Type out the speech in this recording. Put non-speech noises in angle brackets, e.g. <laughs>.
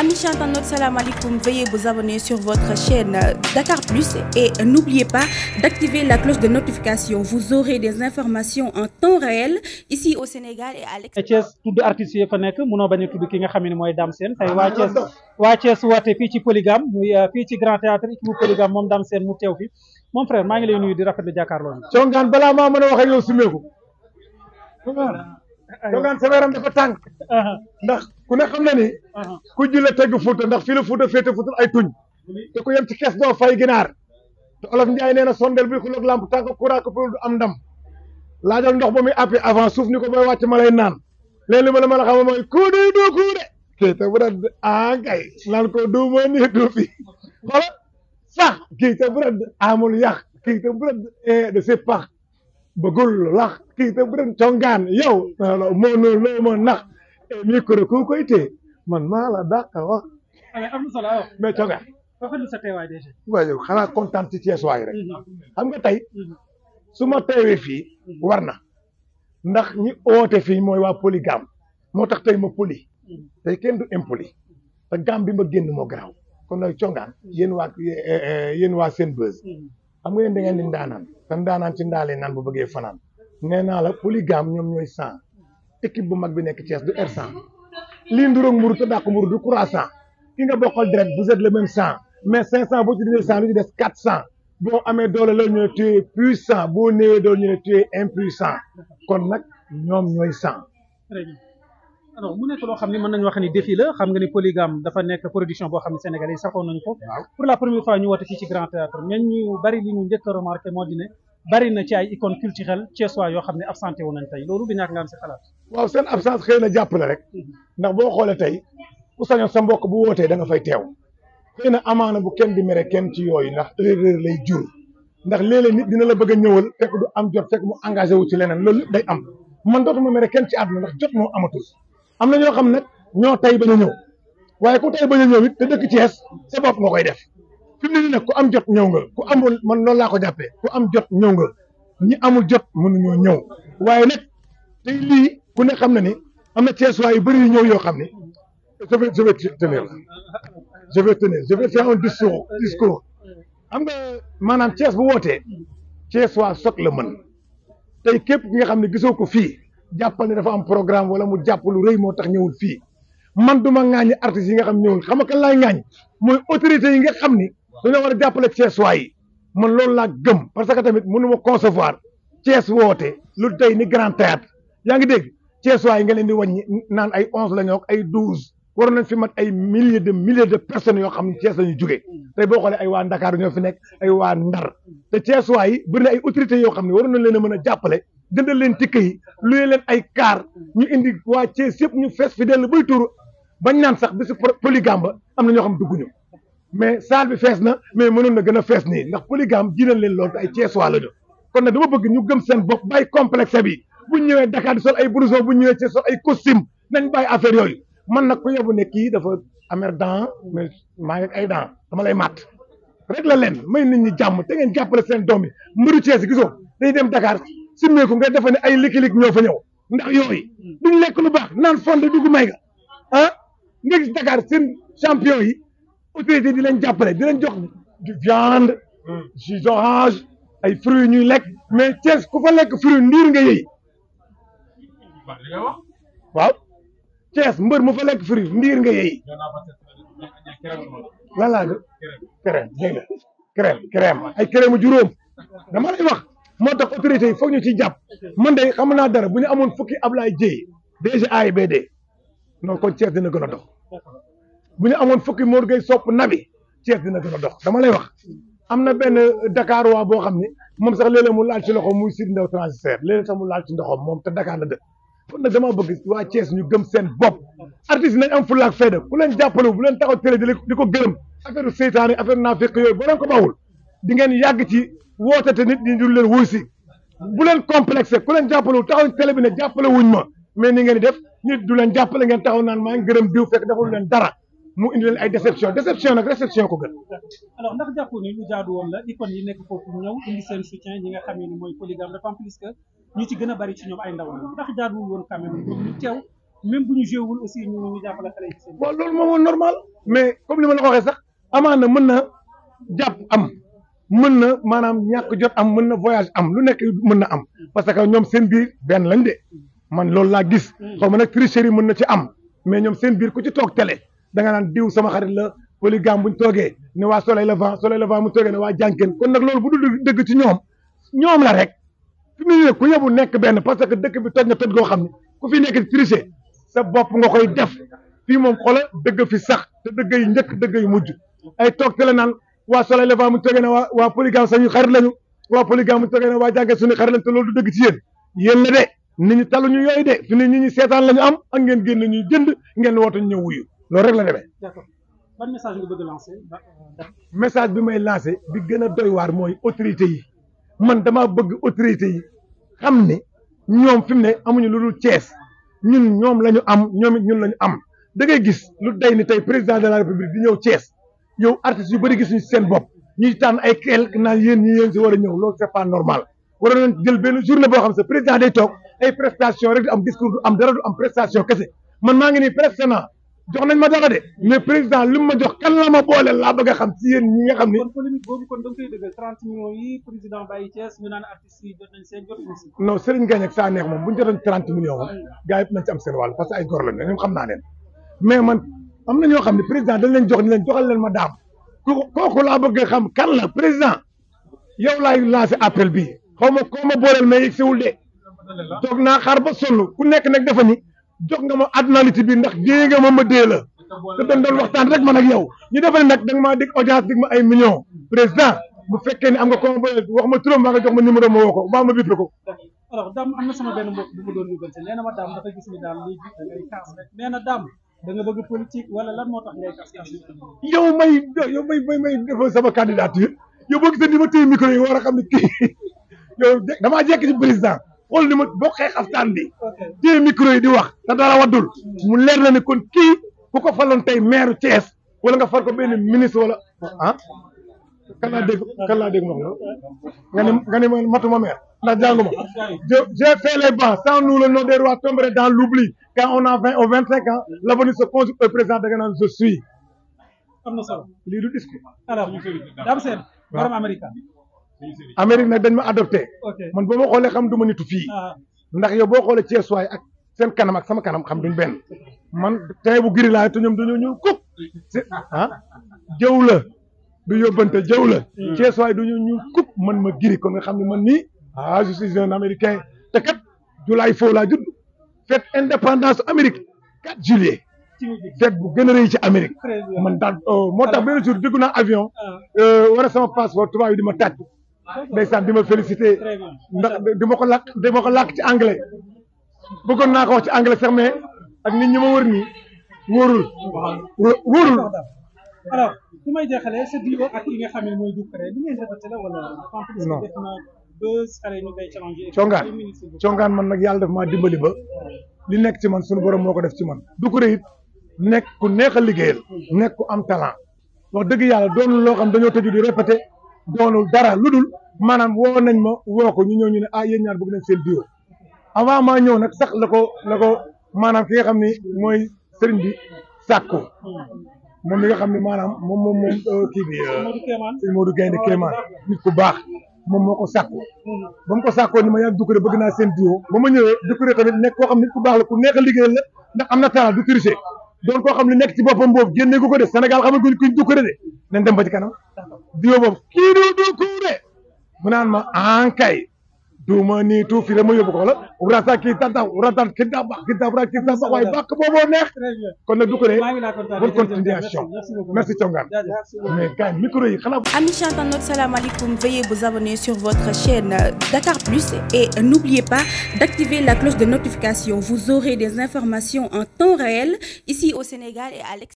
Amis internautes, salam alaikum. Veuillez vous abonner sur votre chaîne Dakar Plus et n'oubliez pas d'activer la cloche de notification. Vous aurez des informations en temps réel ici au Sénégal et à l'extérieur. Thiès tudd artistes fa nekk mu bañ a ki nga xam ne mooy Dame Sène tey waa Thiès waa Thiès woote fii ci Polygame muy euh, fii ci Grand Théâtre équipe bu Polygame moom Dame Sène mu teew fi mon frère maa ngi lay nuyu di rafetlu jàkkaarloo. Thiongaan balaa maa mën a wax ak yow Ndongaan sama yaram dafa tàng ndax ku ne xam na ni ku jule tegg Fuuta ndax fii la Fuuta féete futul ay tuñ te ku yem ci kees doo fay ginaar te olof Njaay nee na sondel bi ku loog lamp tànk kuraa ko du am ndam laajal ndox ba muy avant suuf ni ko booy wàcc ma lay naan léegi li ma la a xam mooy ku du du ku de kii te bu dee ah kay naan ko du nii du fi sax kii te bu dee amul yàq kii te bu dee eh, de bagul lak kita berencongan yo mono ah, lomo nak mi kuruku moo eh, ite man mala daka wax ay am solo mais conga waxal sa teewaay déjà waaye xanaa kontaan ci Thiès rek mhm. xam nga tey mhm. su ma teewee fii mhm. war na ndax ñi oote fii mooy waa polygame moo tax tey ma poli tey kenn du impoli te gam bi ma génn moo garaaw kon nag congaan yéen waa seen eh, eh, waa xam nga yéen da ngeen di ndaanaan te ndaanaan ci ndaalee naan bu bëggee fanaan nee naa la polygame ñoom ñooy san équipe bu mag bi nekk Thiès du R cent lii nduróog mburu te dàq mburu du croissant ki nga bokkal direct vous êtes le même cent mais cinq cent boo ci dindee cent lu ci des quatre cent boo amee doole la ñu ne tu es puissant boo néewee doole ñu ne tu es impuissant kon nag ñoom ñooy cent alors mu nekk loo xam ne mën nañu wax ni défi la xam nga ni polygame dafa nekk production boo xam ne sénégalais yi saxoon nañu ko pour la première fois ñu woote fii ci moo ne bari na ci ay icône culturelle thiessois yoo xam ne absenté wu nañ tey loolu du ñàkk nga am si xalaat waaw seen absence xëy na jàpp la rek mm-hmm. ndax boo xoolee tey ku sañoon sa mbokk bu wootee da nga fay teew xëy na amaana bu kenn di mere kenn ci yooyu ndax réer lay jur ndax léeg-léeg nit dina la bëgg a ñëwal fekk du am jot fekk mu engagé wu ci leneen loolu lépp day am man dootuma mere kenn ci àdduna ndax jot moo amatul am na ñoo xam nag ñoo tey bañ waaye ku tey bañ a ñëw dëkk Thiès sa bopp nga koy def fi mu ne nekk nag ku am jot ñëw nga ku amul man loolu laa ko jàppee ku am jot ñëw nga ñi amul jot mënuñoo ñëw waaye nag tey lii ku ne xam na ni am na Thiès waay yu bëri yoo xam ni je vais je vais tenir je vais tenir je vais xam nga maanaam Thiès bu woote Thiès waa sot la mën tey képp ki nga xam ne gisoo ko fii. jàppal ne dafa am programme wala mu jàpp lu rëy moo tax ñëwul fii man du ma ŋaañi artistes yi nga xam ñëwul xam nga kan laay ŋaañ mooy autorités yi nga xam ni dañoo war a jàppale Thiès waay yi man loolu laa gëm parce que tamit mënu ma concevoir Thiès woote lu tey ni grand yaa ngi dégg Thiès waay yi nga leen di wàññi naan ay onze la ñoo ak ay douze waroon nañ fi mat ay milliers de milliers de yoo xam ne Thiès la ñu jógee tey boo xoolee ay waa Ndakaaru ñoo fi nekk ay waa Ndar te Thiès waay yi ay autorités yoo xam ne war nañ leen a mën a jàppale jëndal leen tikk yi luyee leen ay kaar ñu indi waa Thiès yëpp ñu fees fi dell bay tuuru bañ naan sax bisu polygame ba am na ñoo xam dugguñu mais salle bi fees na mais mënoon na gën a fees nii ndax polygame jiinal leen loolu te ay Thiès waa la ñu kon nag dama bëgg ñu gëm seen bopp bàyyi complexe bi bu ñu ñëwee Dakar di sol ay blouson bu ñëwee Thiès sol ay costume nañ bàyyi affaire yooyu man nag ku yebu nekk kii dafa amer dent maa ngi ay dent dama lay matt rek la leen may nit ñi jàmm ngeen jàppale seen doom yi mbiru Thiès gisoo dañuy dem Dakar simmeeku nga defe ne ay likilik ñoo fa ñëw ndax yooyu duñ lekk lu baax naan fonde dugg may nga ah nga gis Dakar seen champion yi autorité di leen jàppale di leen jox du viande jus orange ay fruits ñuy lekk mais Thiès ku fa lekk fruit ndiir nga yëy waaw Thiès mbër mu fa lekk fruit ndiir nga yëy lan laa crème crème juróom dama lay wax moo tax autorités yi foog ñu ciy jàpp man de xam naa dara bu ñu amoon fukki Ablaye Dieye DG AIBD non kon Thiès dina gën a dox bu ñu amoon fukki Mor Gueye sopp nabi Thiès dina gën a dox dama lay wax am na benn euh, Dakar waa boo xam ne moom sax léeg-léeg mu laal ci loxo muy Sidi Ndaw transitaire léeg-léeg sax mu laal ci ndoxam moom te Dakar la dëkk kon nag dama bëgg waa Thiès ñu gëm seen bopp artistes yi nañ am fulla ak fayda ku leen jàppale bu leen taxaw télé di ko gërëm affaire seytaane affaire naafiq yooyu boo leen ko bawul di ngeen woote te nit ñi dul leen wuy si bu leen complexé ku leen jàppalewul taxaw télé bi ne jàppale wuñ ma mais ni ngeen di def nit du leen jàppale ngeen taxaw naan maa ngi gërëm diw fekk deful leen dara mu indi leen ay déception déception nag réception ko gën. ndax jàpp ni lu jaadu woon la icône yi nekk foofu ñëw indi seen soutien ñi nga xam ne mooy polygame dafa en plus que ñu ci a bari ci ñoom ay ndaw la ndax jaaduwul woon quand même ñu teew même bu ñu joué wul aussi ñu ñu jàppale xale yi. waaw loolu moom woon normal mais comme li la ko waxee sax amaana mën na mën na maanaam ñàkk jot am mën na voyage am lu nekk mën na am parce que ñoom seen biir benn lañ de man loolu laa gis mm. xaw ma nag tricherie mën na ci am mais ñoom seen biir ku ci toog tele da nga naan diw sama xarit la polygame buñ toogee ne waa soleil levant soleil levant mu toogee ne waa jànkeen kon nag lool bu dul dëgg ci ñoom ñoom la rek fi mu ne ku yebu nekk benn parce que dëkk bi toj na toj goo xam ne ku fi nekk tricher sa bopp nga koy def fii moom xoola dëgg fi sax te dëgg yu njëkk dëgg yu mujj ay toog télé naan waa Soleil Levant mu tegee ne waa waa polygame sañu xarit lañu waa polygame mu tegee ne waa jànge suñu xarit lañ te loolu du dëgg ci yéen yéen la de nit ñi taluñu yooyu de fi ne nit ñi seetaan lañu am ak ngeen génn ñuy jënd ngeen woote ñëw wuyu loolu rek la demee. d'accord ban message nga euh, message bi may lancer bi gën a doy mooy autorité yi man damaa bëgg autorité yi xam ni ñoom fi mu ne amuñu lu dul Cees ñun ñoom la ñu am ñoom ñun lañu am da ngay gis lu day ni tey président de la république di ñëw Cees yow artistes yu bëri gis ñu seen bopp ñuy tànn ay keel naan yéen ñi yéen si war a ñëw loolu c'est pas normal waroon nañ jël benn journée boo xam sa président day toog ay prestation rek du am discours du am dara du am prestation kese man maa ngi nii presque jox nañ ma dara de mais président li mu ma jox kan la ma booleel laa bëgg a xam ci yéen ñi nga xam ni. kon polémique boobu kon da nga koy dëgg 30 millions yi président neex moom bu ñu jotoon 30 millions moom gars yi nañ ci am ay gor lañ ñoom xam naa leen mais am na ñoo xam ne président dañ leen jox ni leen joxal leen ma daam kooku laa bëgg xam kan la président yow laay lancé appel bi xaw ma koo ma booleel mais yëg siwul de toog naa xaar ba sonn ku nekk nag dafa jox nga ma adnaliti bi ndax dée nga ma ma dee la te dañ doon waxtaan rek ma ak yow ñu defa nag da nga maa dig audience dig ma ay millions président bu fekkee ni am nga koo booleel wax ma turam ma nga jox ma numéro ma woo ko maa ma bippe ko sama benn mbokk bu ma doon yóbbante nee na da nga bëgg politique wala lan moo tax ngay tas yow may yow may may may defal sama candidature yow boo gisee ni ma téye micro yi war a xam ne kii <laughs> yow damaa jekk ci président xool ni ma bokkee xaftaan bi téye micro yi di wax te dara waddul mu leer na ne kon kii ku ko faloon tey maire Thiès wala nga far ko benn ministre wala ah kan laa dégg kan laa dégg ma wax nga ne nga ne matuma mère ndax jànguma j'ai fait les bancs sans nous le nom des dans l'oubli quand on a vingt ou vingt cinq ans la se conjugue au présent da nga naan je suis am na solo lii du discours alors Dame Sène amérique nag dañ ma adopté man boo ma xoolee xam du ma nitu fii ah. ndax yow boo xoolee Thiès waay ak seen kanam ak sama kanam xam duñ benn man tey bu giri laay te ñoom dañoo ñëw kuk ah jëw la du yóbbante jëw la mm. Cees waay duñu ñu kupp man ma giri kon nga xam ne man nii ah je suis un américain te kat julaay foo laa judd fête indépendance Amérique 4 juillet fête bu gën a ci Amérique man daal oh, moo tax benn jour déggu naa avion ah. euh, war a sama passeport tubaab yi di ma tàcc ndeysaan di ma félicité di ma ko làkk di ma ko làkk ci anglais bëggoon naa ko ci anglais sax mais ak nit ñi ma wër nii wóorul wóorul alors su may jeexalee xam ne mooy Doucouré li ngeen defante la congaan congaan man nag yàlla daf maa dimbali ba li nekk ci man sunu borom moo ko def ci man Doucouré it nekk ku neex a liggéeyal nekk ku am talent wax dëgg yàlla doonul loo xam dañoo tëju di répété doonul dara lu dul maanaam woo nañ ma woo ko ñu ñëw ñu ne ah yéen ñaar bëgg nañ seen diwa avant maa ñëw nag sax la ko la ko maanaam ki nga xam ne mooy sëriñ bi sàkku moom mi nga xam ne maanaam moom moom moom euh, kii bi euh, sëñ nit ku baax moom moo ko sàkku ba mu ko sàkkoo ni ma yàgg Doucouré bëgg naa seen duo ba ma ñëwee Doucouré nekk koo xam ne ku baax la ku neex a liggéeyal la am na talent du tricher doon koo xam ne nekk ci boppam boobu génne gu ko de Sénégal xam nga kuñ Doucouré de nañ dem ba ci kanam duo boobu kii du mu naan ma ah, kay duma nii tuuf fii rek ma yóbbu ko wala urata kii tanta urata kii damba kii damba kii damba waaye bàkk booboo neex kon nag du ko ne bonne continuation merci Thiongane mais gars yi micro yi xalaat. Amis chantants, salaamaaleykum veuillez vous abonner sur votre chaîne euh, Dakar Plus et euh, n'oubliez pas d'activer la cloche de notification vous aurez des informations en temps réel ici au Sénégal et à l'extérieur.